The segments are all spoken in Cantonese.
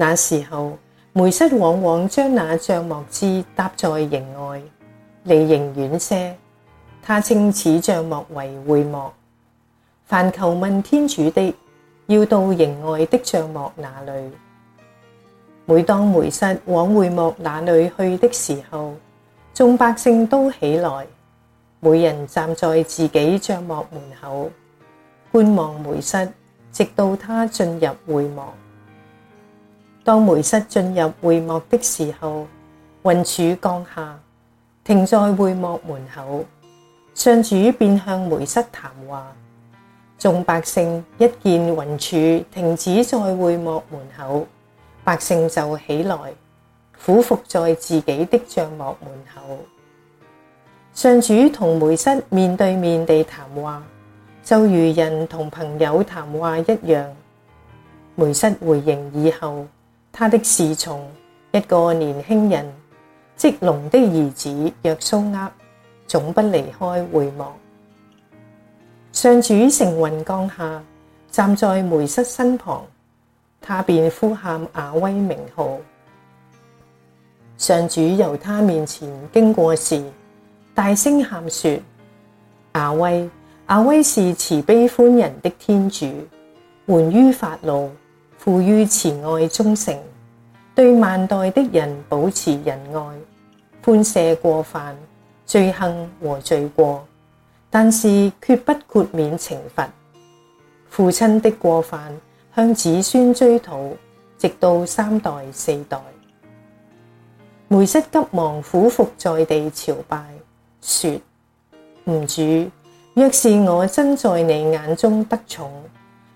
那時候，梅瑟往往將那帳幕支搭在營外，離營遠些。他稱此帳幕為會幕。凡求問天主的，要到營外的帳幕那裡。每當梅瑟往會幕那裡去的時候，眾百姓都起來，每人站在自己帳幕門口，觀望梅瑟，直到他進入會幕。當梅瑟進入會幕的時候，雲柱降下，停在會幕門口。上主便向梅瑟談話。眾百姓一見雲柱停止在會幕門口，百姓就起來，俯伏在自己的帳幕門口。上主同梅瑟面對面地談話，就如人同朋友談話一樣。梅瑟回營以後。他的侍從，一個年輕人，即農的兒子若蘇厄，總不離開會幕。上主乘雲降下，站在梅瑟身旁，他便呼喊雅威名號。上主由他面前經過時，大聲喊說：雅威，雅威是慈悲寬仁的天主，緩於發怒。富於慈愛忠誠，對萬代的人保持仁愛，寬赦過犯、罪行和罪過，但是決不豁免懲罰。父親的過犯向子孫追討，直到三代四代。梅瑟急忙俯伏在地朝拜，說，吾主，若是我真在你眼中得寵。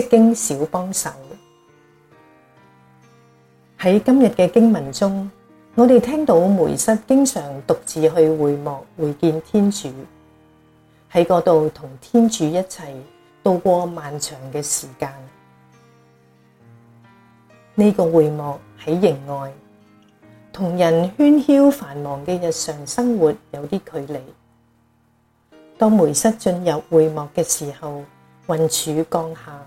釋經小幫手。喺今日嘅經文中，我哋聽到梅瑟經常獨自去會幕會見天主，喺嗰度同天主一齊度過漫長嘅時間。呢個會幕喺營外，同人喧囂繁忙嘅日常生活有啲距離。當梅瑟進入會幕嘅時候，雲柱降下。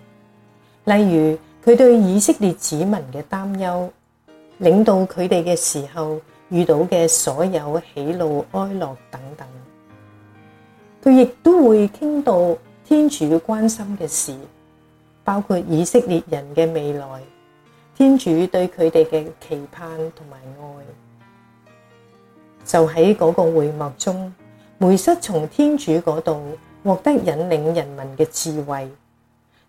例如佢對以色列子民嘅擔憂，領導佢哋嘅時候遇到嘅所有喜怒哀樂等等，佢亦都會傾到天主關心嘅事，包括以色列人嘅未來，天主對佢哋嘅期盼同埋愛，就喺嗰個會幕中，梅瑟從天主嗰度獲得引領人民嘅智慧，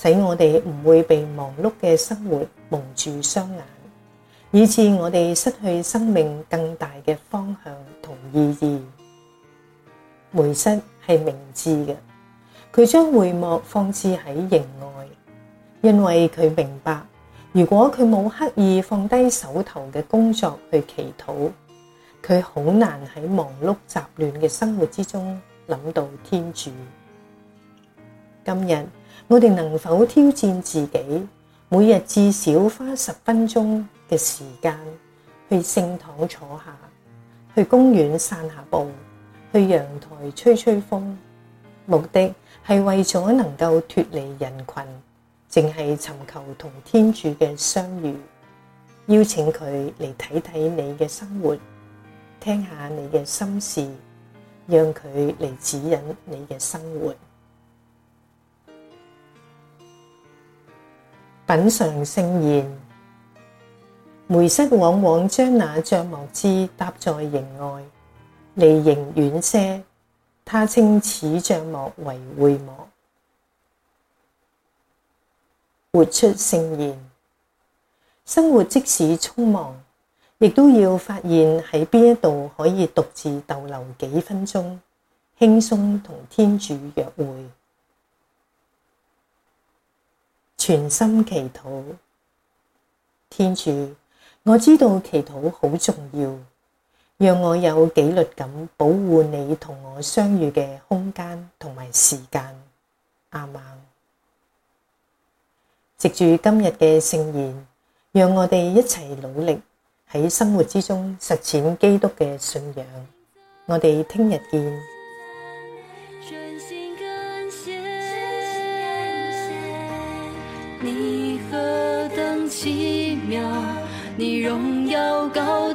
使我哋唔會被忙碌嘅生活蒙住雙眼，以致我哋失去生命更大嘅方向同意義。梅瑟係明智嘅，佢將會幕放置喺營外，因為佢明白，如果佢冇刻意放低手頭嘅工作去祈禱，佢好難喺忙碌雜亂嘅生活之中諗到天主。今日，我哋能否挑戰自己，每日至少花十分鐘嘅時間去聖堂坐下，去公園散下步，去陽台吹吹風？目的係為咗能夠脫離人群，淨係尋求同天主嘅相遇，邀請佢嚟睇睇你嘅生活，聽下你嘅心事，讓佢嚟指引你嘅生活。品嚐聖言，梅瑟往往將那帳幕支搭在營外，離營遠些。他稱此帳幕為會幕。活出聖言。生活即使匆忙，亦都要發現喺邊一度可以獨自逗留幾分鐘，輕鬆同天主約會。全心祈禱，天主，我知道祈禱好重要，讓我有紀律噉保護你同我相遇嘅空間同埋時間。阿們，藉住今日嘅聖言，讓我哋一齊努力喺生活之中實踐基督嘅信仰。我哋聽日見。你何等奇妙，你榮耀高。